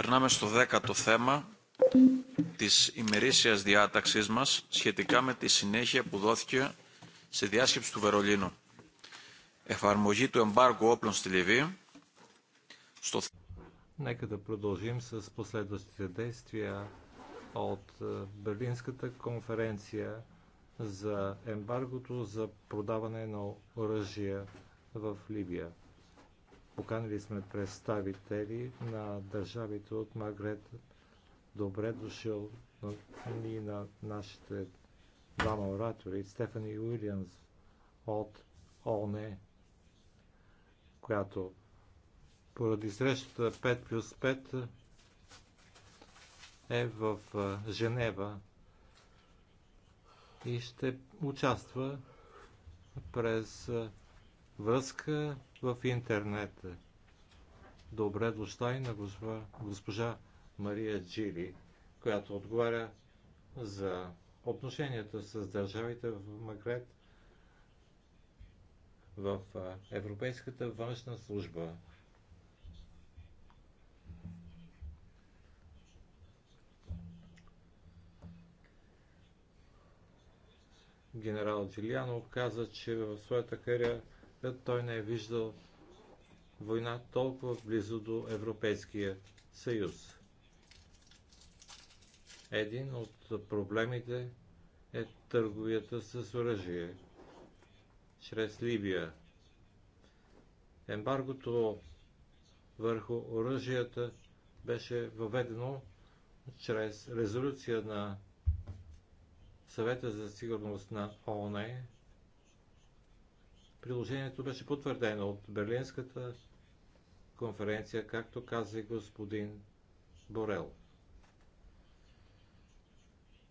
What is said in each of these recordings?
Περνάμε στο δέκατο θέμα της ημερήσιας διάταξής μας σχετικά με τη συνέχεια που δόθηκε στη διάσκεψη του Βερολίνου. Εφαρμογή του εμπάργου όπλων στη Λιβύη. Στο... Нека да продължим с последващите действия от Берлинската конференция за ембаргото за продаване на оръжия в Либия. Поканили сме представители на държавите от Магрет. Добре дошъл и на нашите двама оратори, Стефани Уилямс от ОНЕ, която поради срещата 5 плюс 5 е в Женева и ще участва през връзка в интернет. Добре дошла и на госпожа, госпожа Мария Джили, която отговаря за отношенията с държавите в Магреб в Европейската външна служба. Генерал Джилиано каза, че в своята кариера той не е виждал война толкова близо до Европейския съюз. Един от проблемите е търговията с оръжие чрез Либия. Ембаргото върху оръжията беше въведено чрез резолюция на Съвета за сигурност на ООН Приложението беше потвърдено от Берлинската конференция, както каза господин Борел.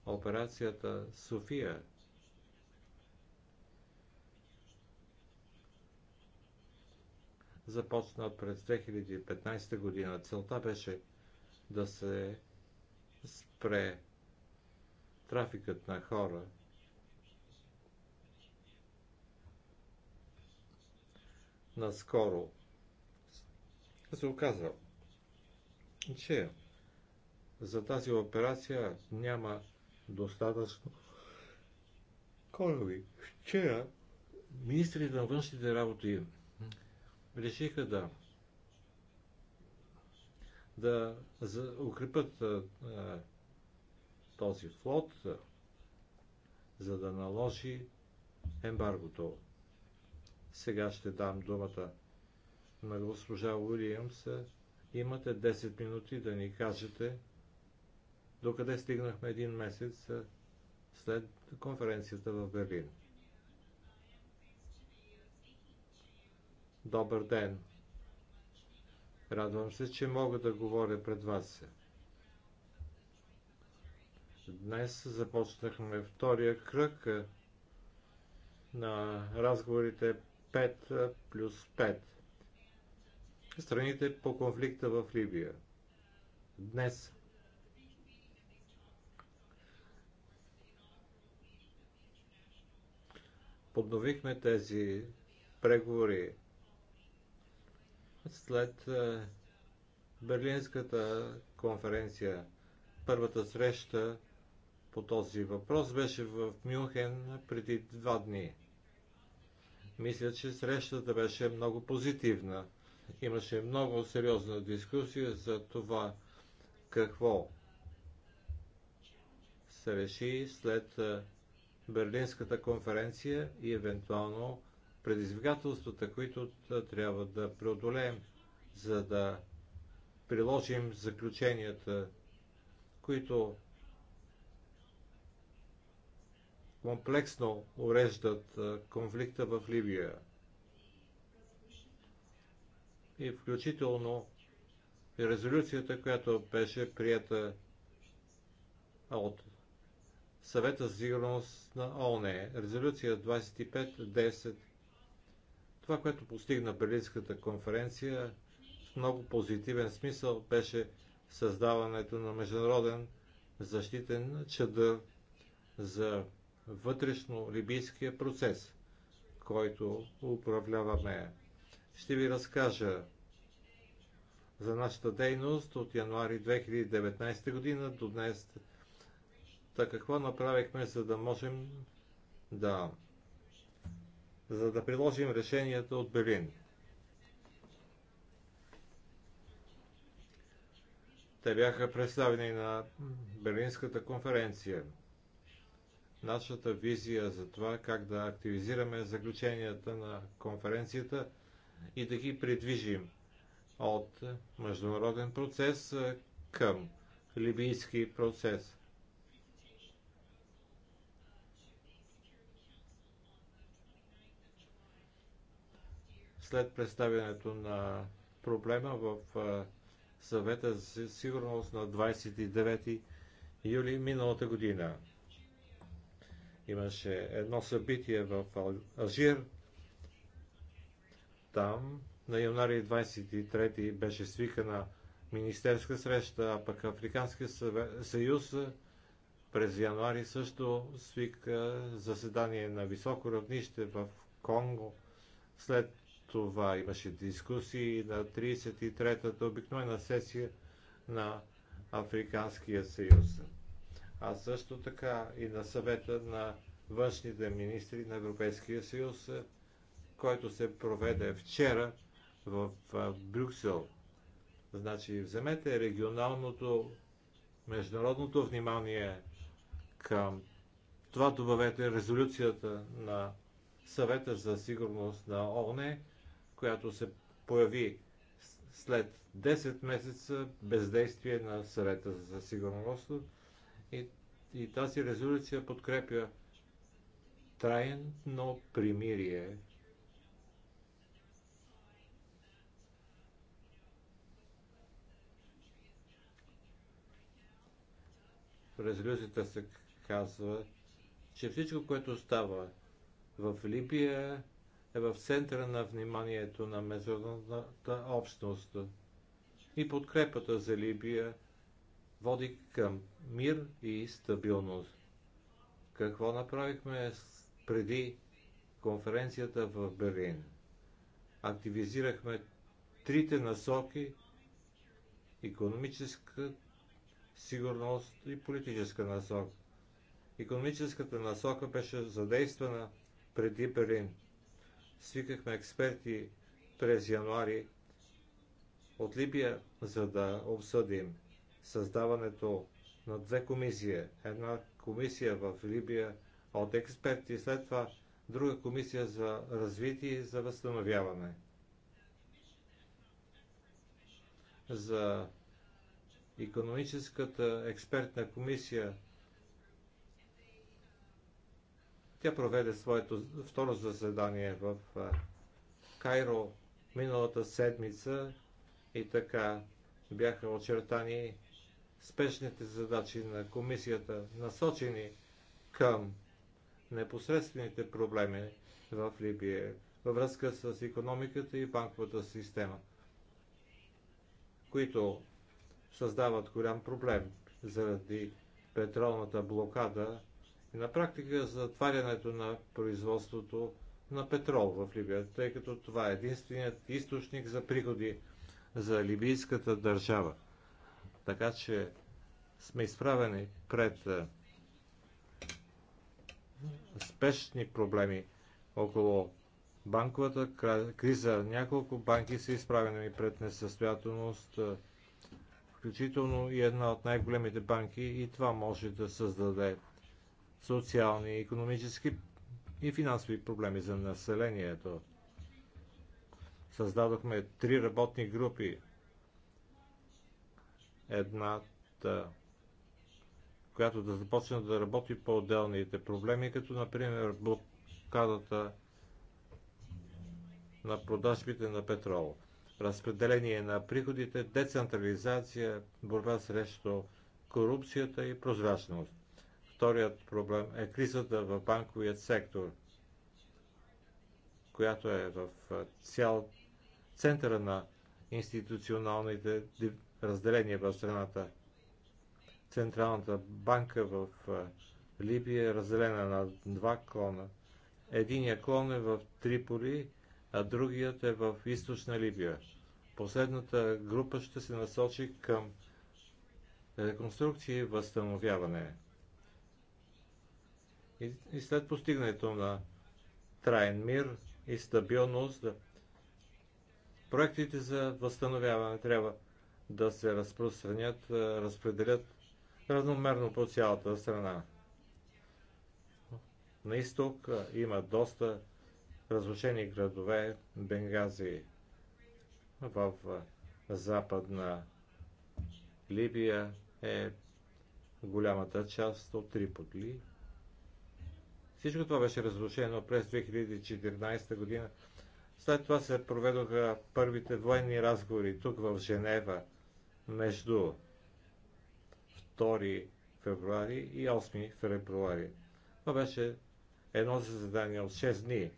Операцията София започна през 2015 година. Целта беше да се спре трафикът на хора – наскоро се оказва, че за тази операция няма достатъчно кораби. Вчера министрите на външните работи решиха да да укрепят този флот, за да наложи ембаргото. Сега ще дам думата на госпожа Уилиямс. Имате 10 минути да ни кажете докъде стигнахме един месец след конференцията в Берлин. Добър ден! Радвам се, че мога да говоря пред вас. Днес започнахме втория кръг на разговорите 5 плюс 5. Страните по конфликта в Либия. Днес подновихме тези преговори след Берлинската конференция. Първата среща по този въпрос беше в Мюнхен преди два дни. Мисля, че срещата беше много позитивна. Имаше много сериозна дискусия за това какво се реши след Берлинската конференция и евентуално предизвикателствата, които трябва да преодолеем, за да приложим заключенията, които комплексно уреждат конфликта в Ливия. И включително и резолюцията, която беше прията от Съвета за сигурност на ООН. Резолюция 2510. Това, което постигна Берлинската конференция, в много позитивен смисъл беше създаването на международен защитен чадър за вътрешно-либийския процес, който управляваме. Ще ви разкажа за нашата дейност от януари 2019 година до днес. Та какво направихме, за да можем да за да приложим решението от Берлин. Те бяха представени на Берлинската конференция нашата визия за това как да активизираме заключенията на конференцията и да ги придвижим от международен процес към либийски процес. След представянето на проблема в съвета за сигурност на 29 юли миналата година. Имаше едно събитие в Алжир. Там на януари 23 беше свикана министерска среща, а пък Африканския съюз през януари също свика заседание на високо равнище в Конго. След това имаше дискусии на 33-та обикновена сесия на Африканския съюз а също така и на съвета на външните министри на Европейския съюз, е, който се проведе вчера в Брюксел. Значи, вземете регионалното, международното внимание към това добавете резолюцията на съвета за сигурност на ООН, която се появи след 10 месеца бездействие на съвета за сигурност и, и тази резолюция подкрепя трайно примирие. В резолюцията се казва, че всичко, което става в Либия, е в центъра на вниманието на международната общност и подкрепата за Либия – води към мир и стабилност. Какво направихме преди конференцията в Берлин? Активизирахме трите насоки економическа сигурност и политическа насока. Економическата насока беше задействана преди Берлин. Свикахме експерти през януари от Либия, за да обсъдим създаването на две комисии. Една комисия в Либия от експерти, и след това друга комисия за развитие и за възстановяване. За економическата експертна комисия тя проведе своето второ заседание в Кайро миналата седмица и така бяха очертани спешните задачи на комисията, насочени към непосредствените проблеми в Либия във връзка с економиката и банковата система, които създават голям проблем заради петролната блокада и на практика затварянето на производството на петрол в Либия, тъй като това е единственият източник за приходи за либийската държава. Така че сме изправени пред е, спешни проблеми около банковата криза. Няколко банки са изправени пред несъстоятелност, е, включително и една от най-големите банки и това може да създаде социални, економически и финансови проблеми за населението. Създадохме три работни групи едната, която да започне да работи по отделните проблеми, като например блокадата на продажбите на петрол, разпределение на приходите, децентрализация, борба срещу корупцията и прозрачност. Вторият проблем е кризата в банковият сектор, която е в цял центъра на институционалните разделение в страната. Централната банка в Либия е разделена на два клона. Единият клон е в Триполи, а другият е в източна Либия. Последната група ще се насочи към реконструкция и възстановяване. И, и след постигането на траен мир и стабилност, проектите за възстановяване трябва да се разпространят, разпределят равномерно по цялата страна. На изток има доста разрушени градове, Бенгази, в западна Либия е голямата част от Триполи. Всичко това беше разрушено през 2014 година. След това се проведоха първите военни разговори тук в Женева – между 2 февруари и 8 февруари. Това беше едно заседание от 6 дни,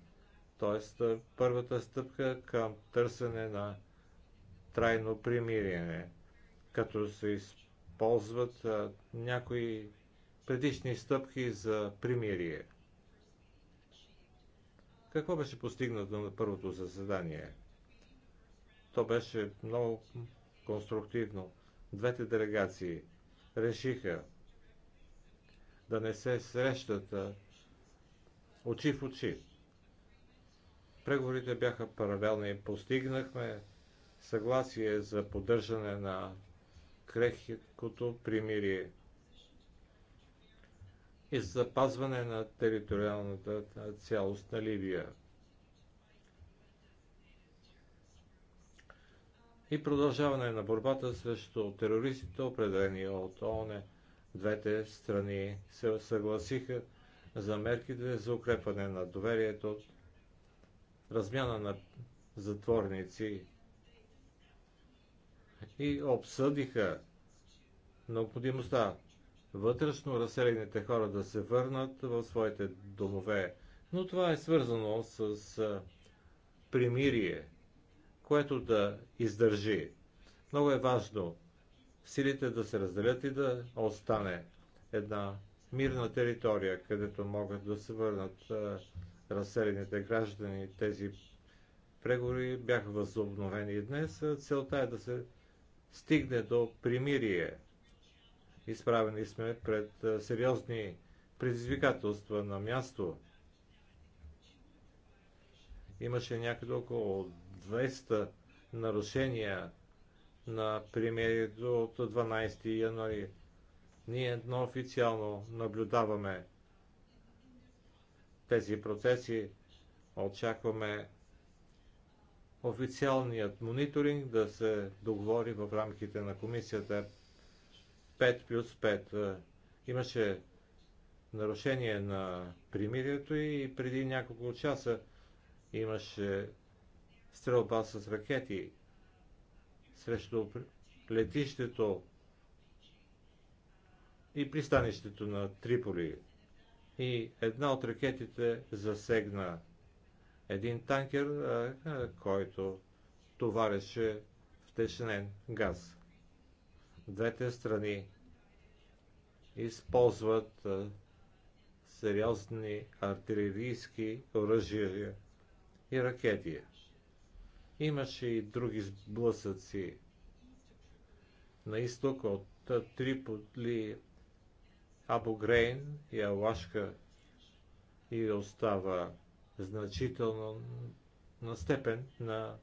т.е. първата стъпка към търсене на трайно примирение, като се използват някои предишни стъпки за примирие. Какво беше постигнато на първото заседание? То беше много конструктивно. Двете делегации решиха да не се срещат очи в очи. Преговорите бяха паралелни. Постигнахме съгласие за поддържане на крехкото примирие и запазване на териториалната цялост на Ливия. и продължаване на борбата срещу терористите, определени от ООН. Двете страни се съгласиха за мерките за укрепване на доверието, размяна на затворници и обсъдиха необходимостта вътрешно разселените хора да се върнат в своите домове. Но това е свързано с примирие което да издържи. Много е важно силите да се разделят и да остане една мирна територия, където могат да се върнат разселените граждани. Тези преговори бяха възобновени и днес. Целта е да се стигне до примирие. Изправени сме пред сериозни предизвикателства на място. Имаше някъде около 200 нарушения на примерието от 12 януари. Ние едно официално наблюдаваме тези процеси. Очакваме официалният мониторинг да се договори в рамките на комисията 5 плюс 5. Имаше нарушение на примирието и преди няколко часа имаше стрелба с ракети срещу летището и пристанището на Триполи. И една от ракетите засегна един танкер, който товареше втечнен газ. Двете страни използват сериозни артилерийски оръжия и ракети. Имаше и други сблъсъци на изток от Триполи, Абогрейн и Алашка и остава значително на степен на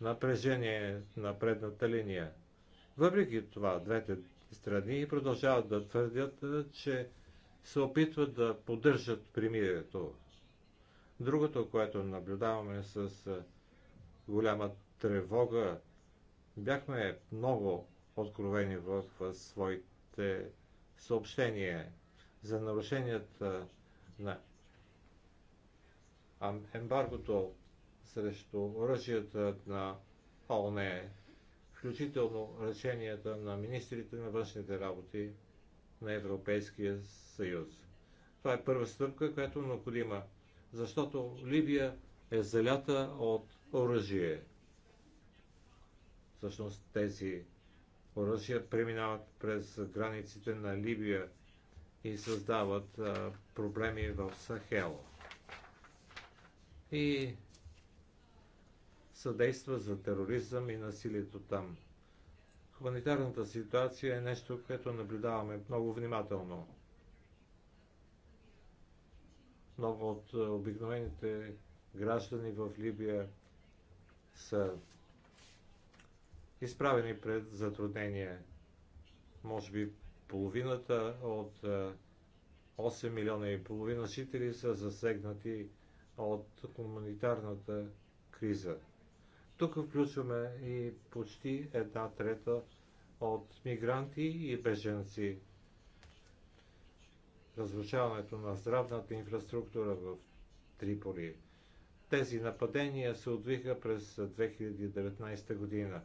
напрежение на предната линия. Въпреки това, двете страни продължават да твърдят, че се опитват да поддържат примирието. Другото, което наблюдаваме с голяма тревога. Бяхме много откровени в своите съобщения за нарушенията на ембаргото срещу оръжията на ОНЕ, включително решенията на министрите на външните работи на Европейския съюз. Това е първа стъпка, която е необходима, защото Либия е залята от оръжие. Всъщност тези оръжия преминават през границите на Либия и създават а, проблеми в Сахел. И съдейства за тероризъм и насилието там. Хуманитарната ситуация е нещо, което наблюдаваме много внимателно. Много от обикновените граждани в Либия са изправени пред затруднение. Може би половината от 8 е, милиона и половина жители са засегнати от хуманитарната криза. Тук включваме и почти една трета от мигранти и беженци. Разрушаването на здравната инфраструктура в Триполи тези нападения се отвиха през 2019 година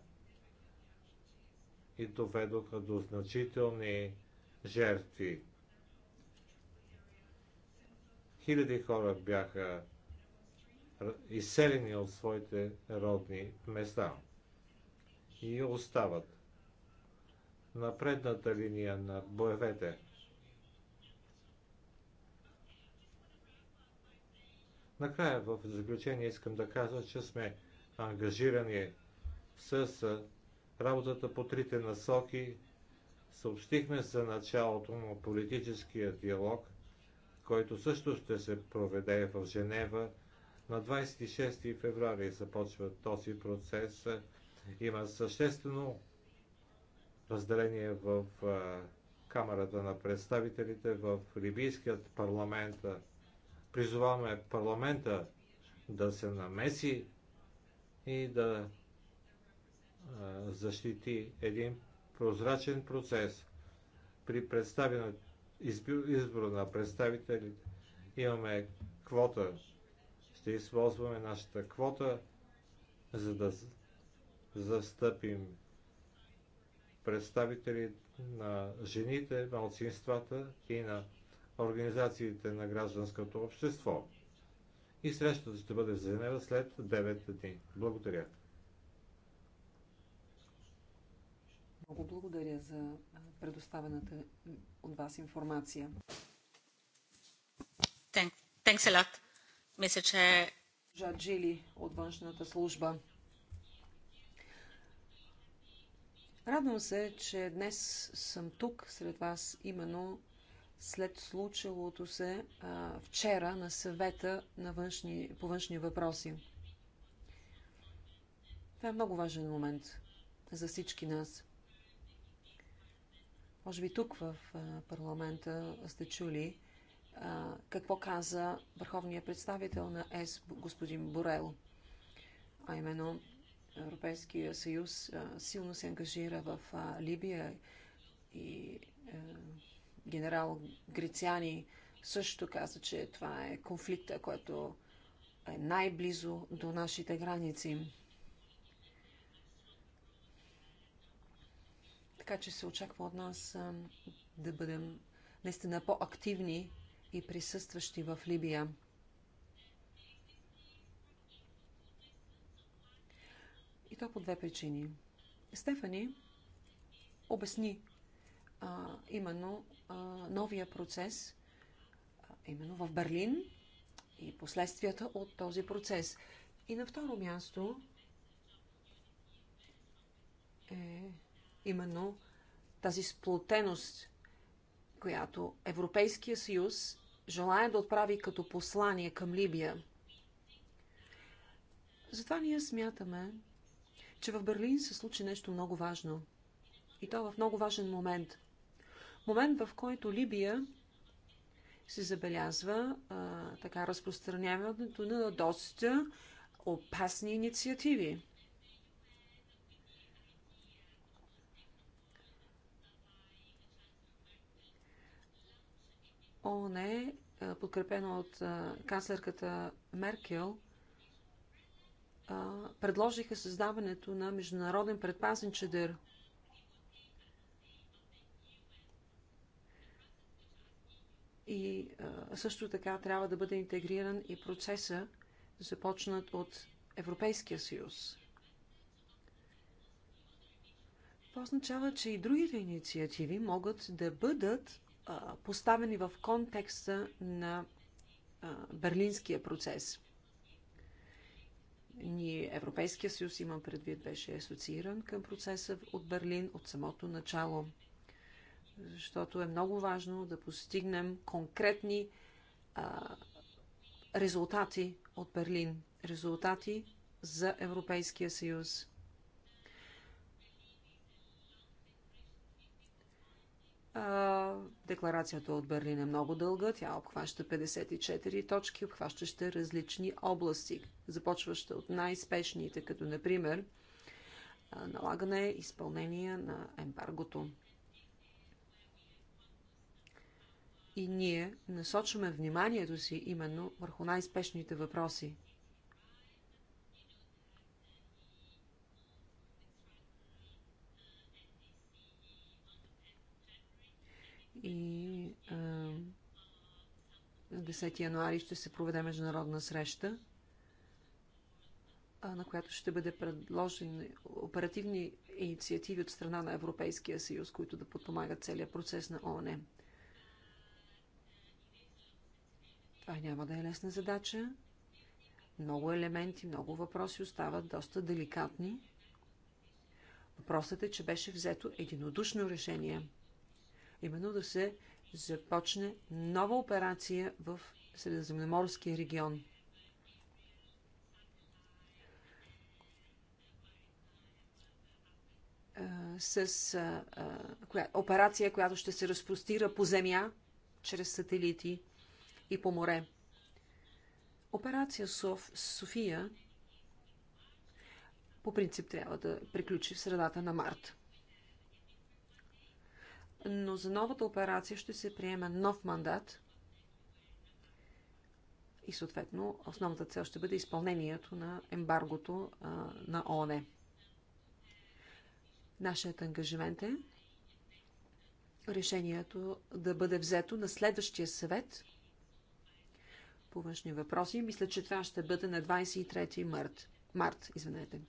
и доведоха до значителни жертви. Хиляди хора бяха изселени от своите родни места и остават на предната линия на боевете – Накрая в заключение искам да кажа, че сме ангажирани с работата по трите насоки. Съобщихме за началото на политическия диалог, който също ще се проведе в Женева. На 26 феврари започва този процес. Има съществено разделение в Камерата на представителите в Либийският парламент Призоваваме парламента да се намеси и да защити един прозрачен процес при представяне избора на представителите. Имаме квота. Ще използваме нашата квота, за да застъпим представители на жените, малцинствата и на организациите на гражданското общество. И срещата ще бъде за Женева след 9 дни. Благодаря. Много благодаря за предоставената от вас информация. Thanks a lot. Мисля, че... Жаджили от външната служба. Радвам се, че днес съм тук сред вас именно след случилото се а, вчера на съвета на външни, по външни въпроси. Това е много важен момент за всички нас. Може би тук в парламента сте чули а, какво каза върховният представител на ЕС, господин Борел. А именно Европейския съюз а, силно се ангажира в а, Либия и Генерал Грициани също каза, че това е конфликта, който е най-близо до нашите граници. Така че се очаква от нас да бъдем наистина по-активни и присъстващи в Либия. И то по две причини. Стефани обясни а, именно а, новия процес, а, именно в Берлин и последствията от този процес. И на второ място е именно тази сплотеност, която Европейския съюз желая да отправи като послание към Либия. Затова ние смятаме, че в Берлин се случи нещо много важно. И то в много важен момент – Момент, в който Либия се забелязва а, така разпространяването на доста опасни инициативи. ООН е подкрепено от канцлерката Меркел, предложиха създаването на Международен предпазен чедър също така трябва да бъде интегриран и процеса, започнат от Европейския съюз. Това означава, че и другите инициативи могат да бъдат поставени в контекста на Берлинския процес. Ние, Европейския съюз, имам предвид, беше асоцииран към процеса от Берлин от самото начало – защото е много важно да постигнем конкретни а, резултати от Берлин. Резултати за Европейския съюз. А, декларацията от Берлин е много дълга. Тя обхваща 54 точки, обхващаща различни области, започваща от най-спешните, като например налагане изпълнение на ембаргото. и ние насочваме вниманието си именно върху най-спешните въпроси. И на 10 януари ще се проведе международна среща, на която ще бъде предложен оперативни инициативи от страна на Европейския съюз, които да подпомагат целият процес на ООН. Това няма да е лесна задача. Много елементи, много въпроси остават доста деликатни. Въпросът е, че беше взето единодушно решение. Именно да се започне нова операция в Средиземноморския регион. С а, коя, операция, която ще се разпростира по земя чрез сателити и по море. Операция Соф, София по принцип трябва да приключи в средата на март. Но за новата операция ще се приеме нов мандат и съответно основната цел ще бъде изпълнението на ембаргото а, на ООН. Нашият ангажимент е решението да бъде взето на следващия съвет по външни въпроси. Мисля, че това ще бъде на 23 март. март извинете.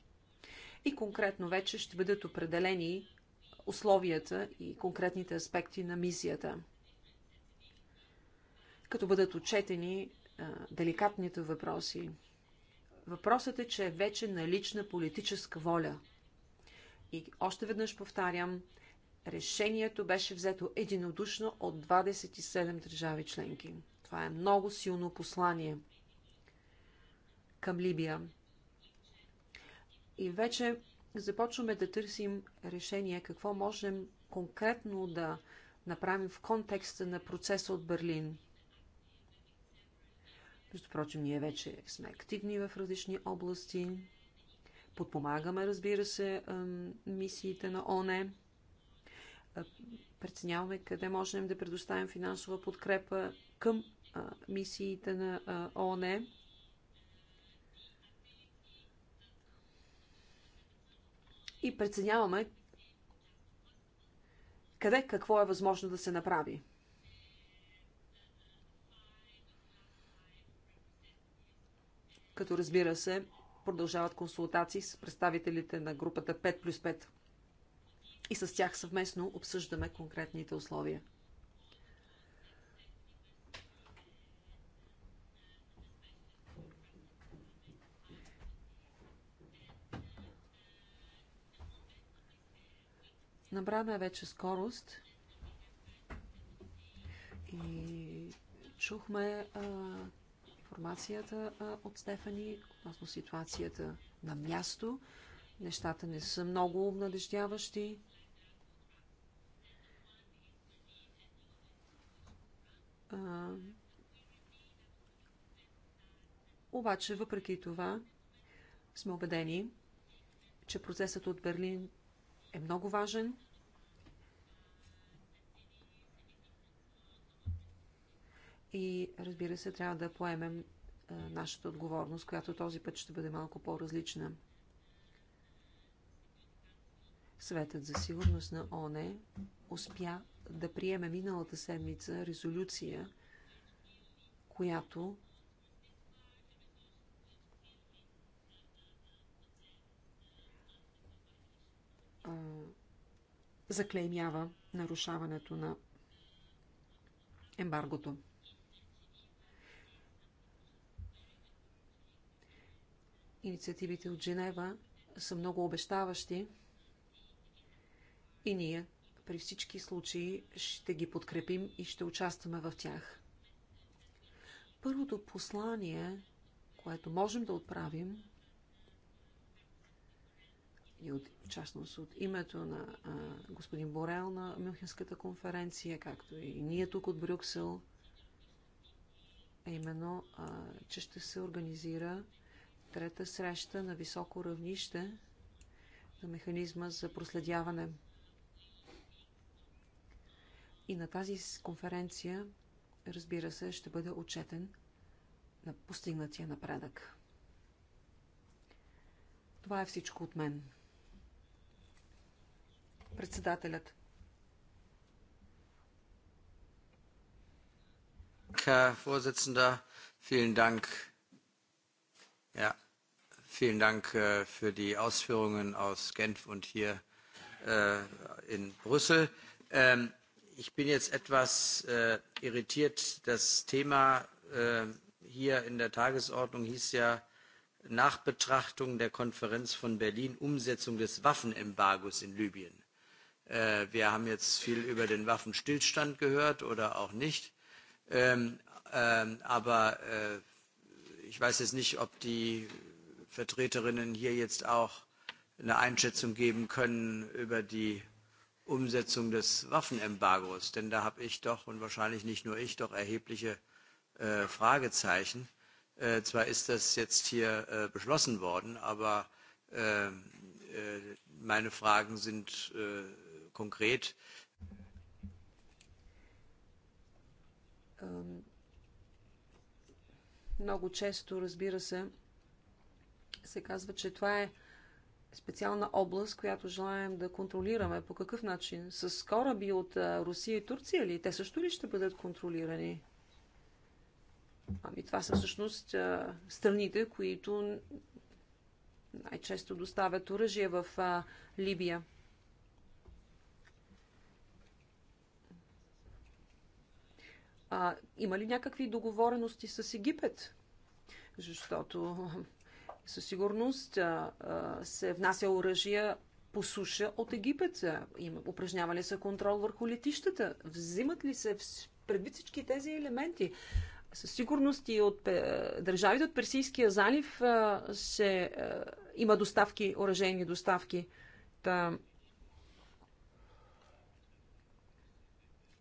И конкретно вече ще бъдат определени условията и конкретните аспекти на мисията. Като бъдат отчетени а, деликатните въпроси. Въпросът е, че е вече налична политическа воля. И още веднъж повтарям, решението беше взето единодушно от 27 държави членки. Това е много силно послание към Либия. И вече започваме да търсим решение какво можем конкретно да направим в контекста на процеса от Берлин. Между прочим, ние вече сме активни в различни области. Подпомагаме, разбира се, мисиите на ОНЕ. Преценяваме къде можем да предоставим финансова подкрепа към мисиите на ООН. И преценяваме къде какво е възможно да се направи. Като разбира се, продължават консултации с представителите на групата 5 плюс 5 и с тях съвместно обсъждаме конкретните условия. Набрана е вече скорост и чухме а, информацията а, от Стефани относно ситуацията на място. Нещата не са много обнадеждяващи. А, обаче, въпреки това, сме убедени, че процесът от Берлин е много важен и разбира се, трябва да поемем а, е, нашата отговорност, която този път ще бъде малко по-различна. Светът за сигурност на ОНЕ успя да приеме миналата седмица резолюция, която а, е, заклеймява нарушаването на ембаргото. Инициативите от Женева са много обещаващи и ние при всички случаи ще ги подкрепим и ще участваме в тях. Първото послание, което можем да отправим, и от, в частност от името на а, господин Борел на Мюнхенската конференция, както и ние тук от Брюксел, е именно, а, че ще се организира трета среща на високо равнище на механизма за проследяване. И на тази конференция, разбира се, ще бъде отчетен на постигнатия напредък. Това е всичко от мен. Председателят. Herr Vorsitzender, vielen Dank. Ja. Vielen Dank für die Ausführungen aus Genf und hier in Brüssel. ich bin jetzt etwas irritiert. Das Thema hier in der Tagesordnung hieß ja Nachbetrachtung der Konferenz von Berlin, Umsetzung des Waffenembargos in Libyen. wir haben jetzt viel über den Waffenstillstand gehört oder auch nicht. aber ich weiß jetzt nicht, ob die Vertreterinnen hier jetzt auch eine Einschätzung geben können über die Umsetzung des Waffenembargos. Denn da habe ich doch und wahrscheinlich nicht nur ich doch erhebliche äh, Fragezeichen. Äh, zwar ist das jetzt hier äh, beschlossen worden, aber äh, äh, meine Fragen sind äh, konkret. Много често, разбира се, се казва, че това е специална област, която желаем да контролираме. По какъв начин? С кораби от Русия и Турция ли? Те също ли ще бъдат контролирани? Ами това са всъщност страните, които най-често доставят оръжие в Либия. А, има ли някакви договорености с Египет? Защото със сигурност се внася оръжия по суша от Египет? Има, упражнява ли се контрол върху летищата? Взимат ли се предвид всички тези елементи? Със сигурност и от държавите от Персийския залив се, има доставки, оръжейни доставки. Та...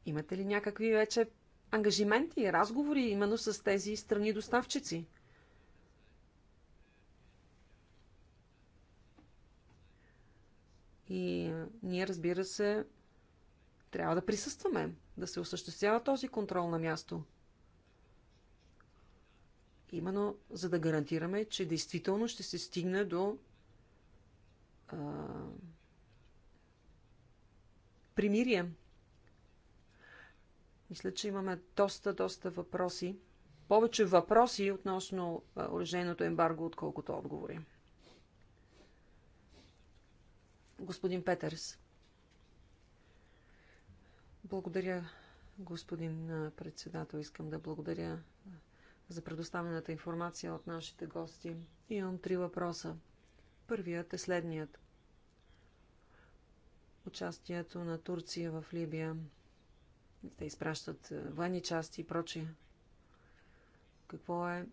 Имате ли някакви вече ангажименти, разговори именно с тези страни доставчици? И ние, разбира се, трябва да присъстваме, да се осъществява този контрол на място. Именно за да гарантираме, че действително ще се стигне до а, примирие. Мисля, че имаме доста, доста въпроси. Повече въпроси относно оръжейното ембарго, отколкото отговори господин Петърс. Благодаря, господин председател. Искам да благодаря за предоставената информация от нашите гости. Имам три въпроса. Първият е следният. Участието на Турция в Либия. Те изпращат военни части и прочие. Какво е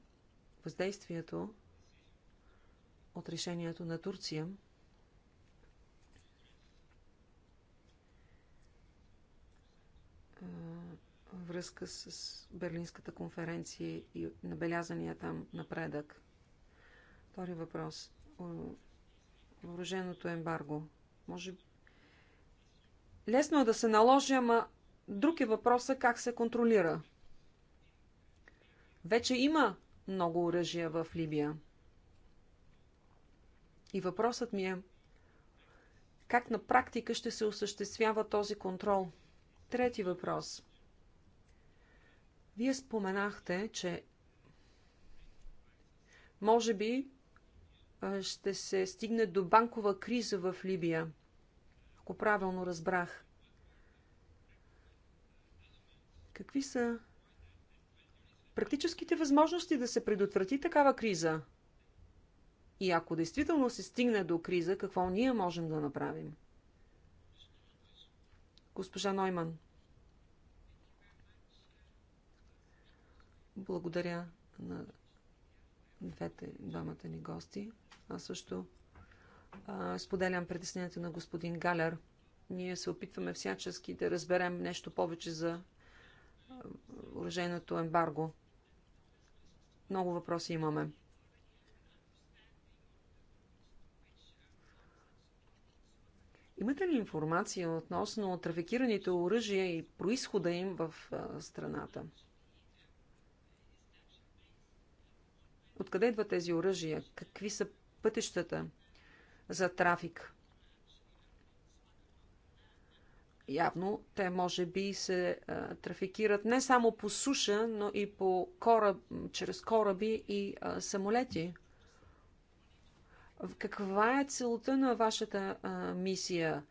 въздействието от решението на Турция – връзка с Берлинската конференция и набелязания там напредък? Втори въпрос. Въоръженото ембарго. Може... Лесно е да се наложи, ама друг е въпросът как се контролира. Вече има много оръжия в Либия. И въпросът ми е, как на практика ще се осъществява този контрол? Трети въпрос. Вие споменахте, че може би ще се стигне до банкова криза в Либия, ако правилно разбрах. Какви са практическите възможности да се предотврати такава криза? И ако действително се стигне до криза, какво ние можем да направим? Госпожа Нойман. Благодаря на двете, двамата ни гости. Аз също а, споделям притеснението на господин Галер. Ние се опитваме всячески да разберем нещо повече за оръжейното ембарго. Много въпроси имаме. Имате ли информация относно трафикираните оръжия и происхода им в страната? Откъде идват тези оръжия? Какви са пътищата за трафик? Явно те може би се а, трафикират не само по суша, но и по кораб, чрез кораби и а, самолети. Каква е целта на вашата а, мисия?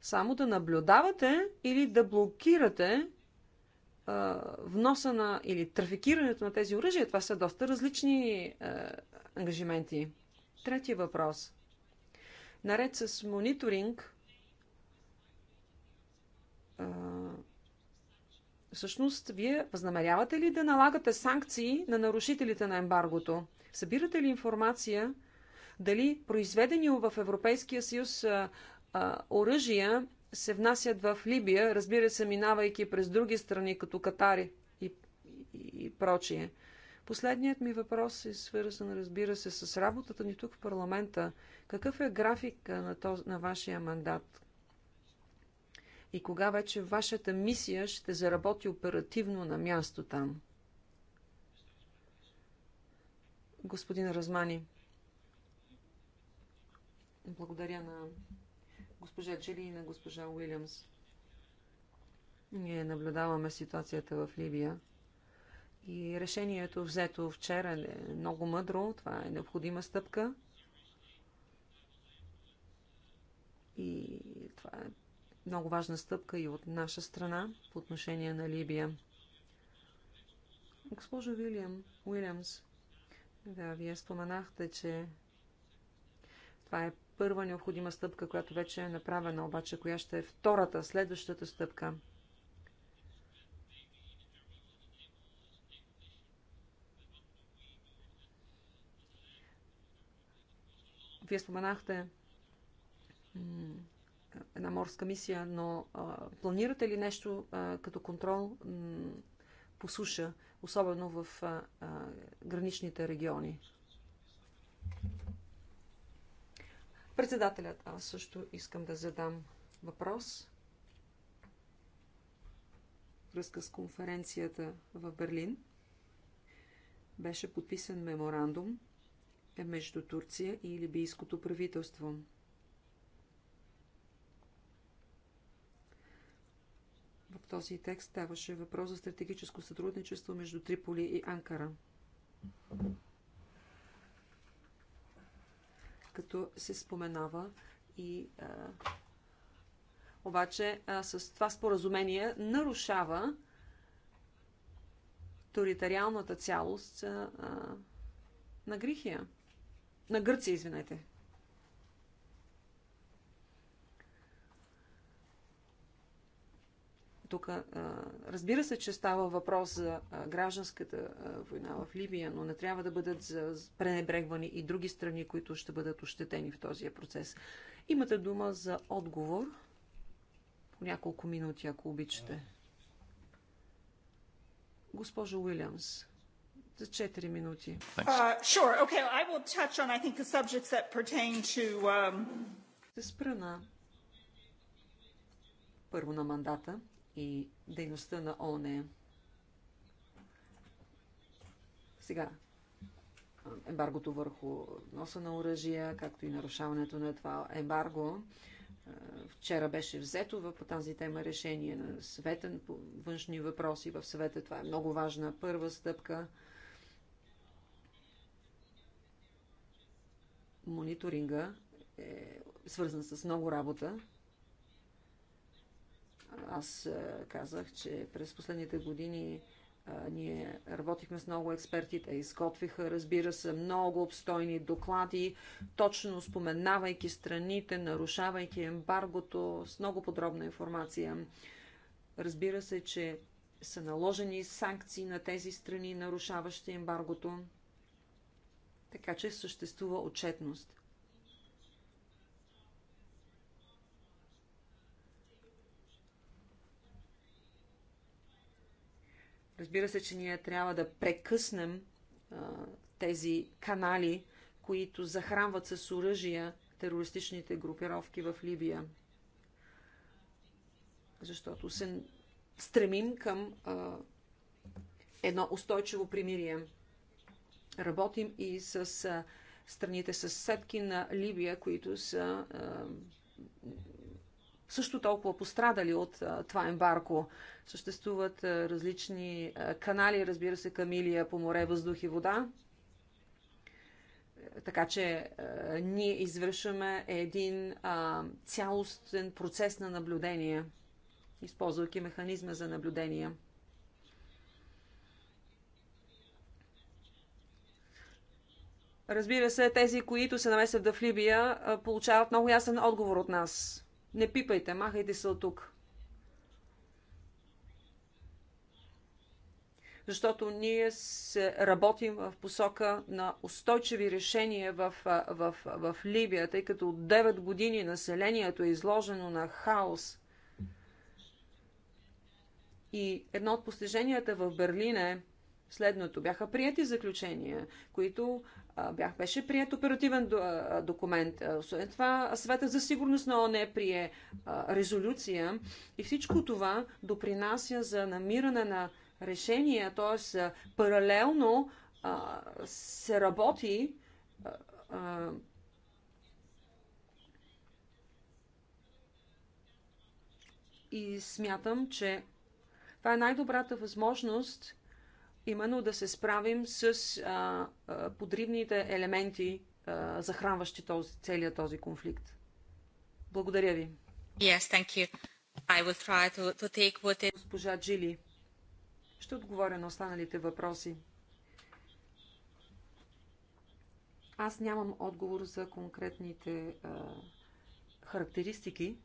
Само да наблюдавате или да блокирате вноса на или трафикирането на тези оръжия, това са доста различни ангажименти. Третия въпрос. Наред с мониторинг, всъщност, вие възнамерявате ли да налагате санкции на нарушителите на ембаргото? Събирате ли информация дали произведени в Европейския съюз оръжия се внасят в Либия, разбира се, минавайки през други страни, като Катари и, и, и прочие. Последният ми въпрос е свързан, разбира се, с работата ни тук в парламента. Какъв е график на, този, на вашия мандат? И кога вече вашата мисия ще заработи оперативно на място там? Господин Размани, благодаря на госпожа Джили и на госпожа Уилямс. Ние наблюдаваме ситуацията в Ливия И решението взето вчера е много мъдро. Това е необходима стъпка. И това е много важна стъпка и от наша страна по отношение на Либия. Госпожо Вилиам, Уилямс, да, вие споменахте, че това е първа необходима стъпка, която вече е направена, обаче коя ще е втората, следващата стъпка? Вие споменахте една морска мисия, но а, планирате ли нещо а, като контрол по суша, особено в а, граничните региони? Председателят, аз също искам да задам въпрос. Връзка с конференцията в Берлин беше подписан меморандум е между Турция и либийското правителство. В този текст ставаше въпрос за стратегическо сътрудничество между Триполи и Анкара. като се споменава и а, обаче а, с това споразумение нарушава териториалната цялост а, на Грихия. На Гърция, извинете. Тук разбира се, че става въпрос за гражданската война в Либия, но не трябва да бъдат пренебрегвани и други страни, които ще бъдат ощетени в този процес. Имате дума за отговор по няколко минути, ако обичате. Госпожо Уилямс, за 4 минути. Uh, sure, okay. I will touch on, I think, the subjects that pertain to... Um... Се спра на първо на мандата, и дейността на ОНЕ. Сега, ембаргото върху носа на оръжия, както и нарушаването на това ембарго. Е, вчера беше взето по тази тема решение на съвета по външни въпроси в съвета. Това е много важна първа стъпка. Мониторинга е свързан с много работа, аз е, казах, че през последните години е, ние работихме с много експерти, те изготвиха, разбира се, много обстойни доклади, точно споменавайки страните, нарушавайки ембаргото с много подробна информация. Разбира се, че са наложени санкции на тези страни, нарушаващи ембаргото, така че съществува отчетност. Разбира се, че ние трябва да прекъснем а, тези канали, които захранват с оръжия терористичните групировки в Либия. Защото се стремим към а, едно устойчиво примирие. Работим и с а, страните съседки на Либия, които са а, също толкова пострадали от а, това ембарко. Съществуват а, различни а, канали, разбира се, камилия по море, въздух и вода. Е, така че а, е, ние извършваме един а, цялостен процес на наблюдение, използвайки механизма за наблюдение. Разбира се, тези, които се намесят в Либия, получават много ясен отговор от нас не пипайте, махайте се от тук. Защото ние се работим в посока на устойчиви решения в, в, в Либия, тъй като от 9 години населението е изложено на хаос. И едно от постиженията в Берлин е следното. Бяха прияти заключения, които бях, беше прият оперативен документ. Освен това, Съвета за сигурност на е прие резолюция и всичко това допринася за намиране на решения, т.е. паралелно се работи и смятам, че това е най-добрата възможност именно да се справим с а, а, подривните елементи, а, захранващи този, целият този конфликт. Благодаря ви. Yes, thank you. I will try to, to take what it... Госпожа Джили, ще отговоря на останалите въпроси. Аз нямам отговор за конкретните а, характеристики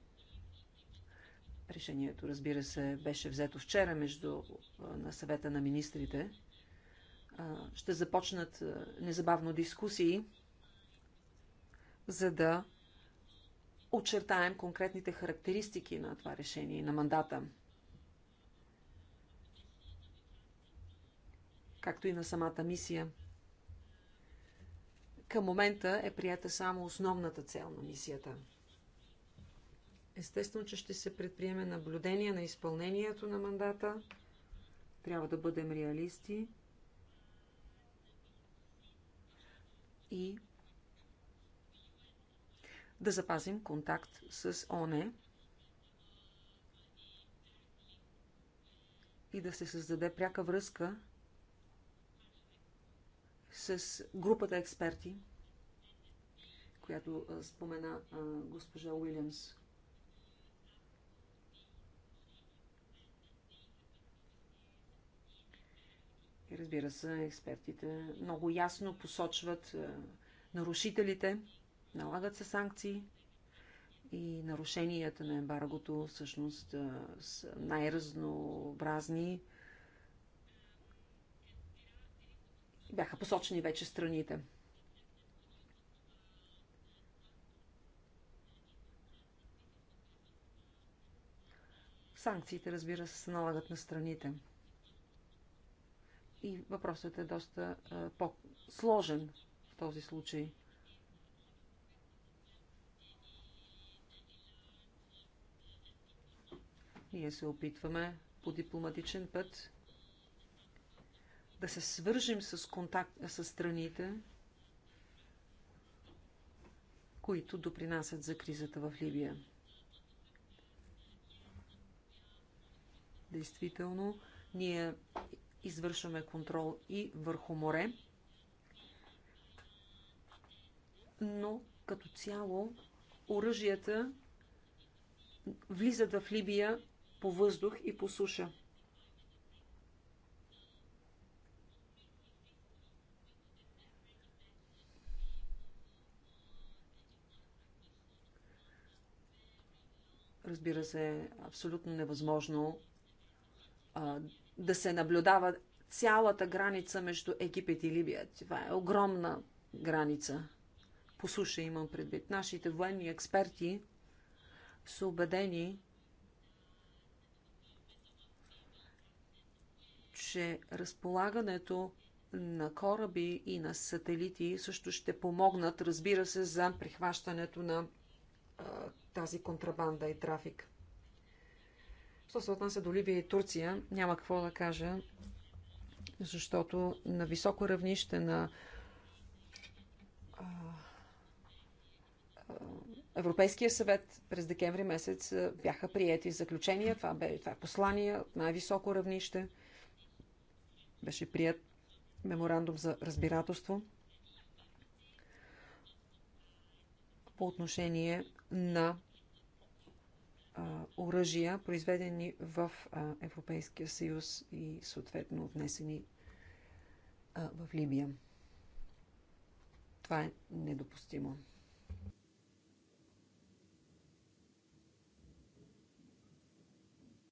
Решението, разбира се, беше взето вчера между, на съвета на министрите. Ще започнат незабавно дискусии, за да очертаем конкретните характеристики на това решение и на мандата. Както и на самата мисия. Към момента е прията само основната цел на мисията – Естествено, че ще се предприеме наблюдение на изпълнението на мандата. Трябва да бъдем реалисти. И да запазим контакт с ОНЕ и да се създаде пряка връзка с групата експерти, която спомена госпожа Уилямс. И разбира се, експертите много ясно посочват е, нарушителите, налагат се санкции и нарушенията на ембаргото всъщност е, са най-разнообразни. Бяха посочени вече страните. Санкциите, разбира се, се налагат на страните. И въпросът е доста по-сложен в този случай. Ние се опитваме по дипломатичен път да се свържим с, контакт, с страните, които допринасят за кризата в Либия. Действително, ние извършваме контрол и върху море, но като цяло оръжията влизат в Либия по въздух и по суша. Разбира се, абсолютно невъзможно а, да се наблюдава цялата граница между Египет и Либия. Това е огромна граница. По суша имам предвид. Нашите военни експерти са убедени, че разполагането на кораби и на сателити също ще помогнат, разбира се, за прихващането на а, тази контрабанда и трафик. Що се отнася до Либия и Турция, няма какво да кажа, защото на високо равнище на Европейския съвет през декември месец бяха приети заключения. Това, бе, това е послание от най-високо равнище. Беше прият меморандум за разбирателство по отношение на оръжия, произведени в Европейския съюз и съответно отнесени в Либия. Това е недопустимо.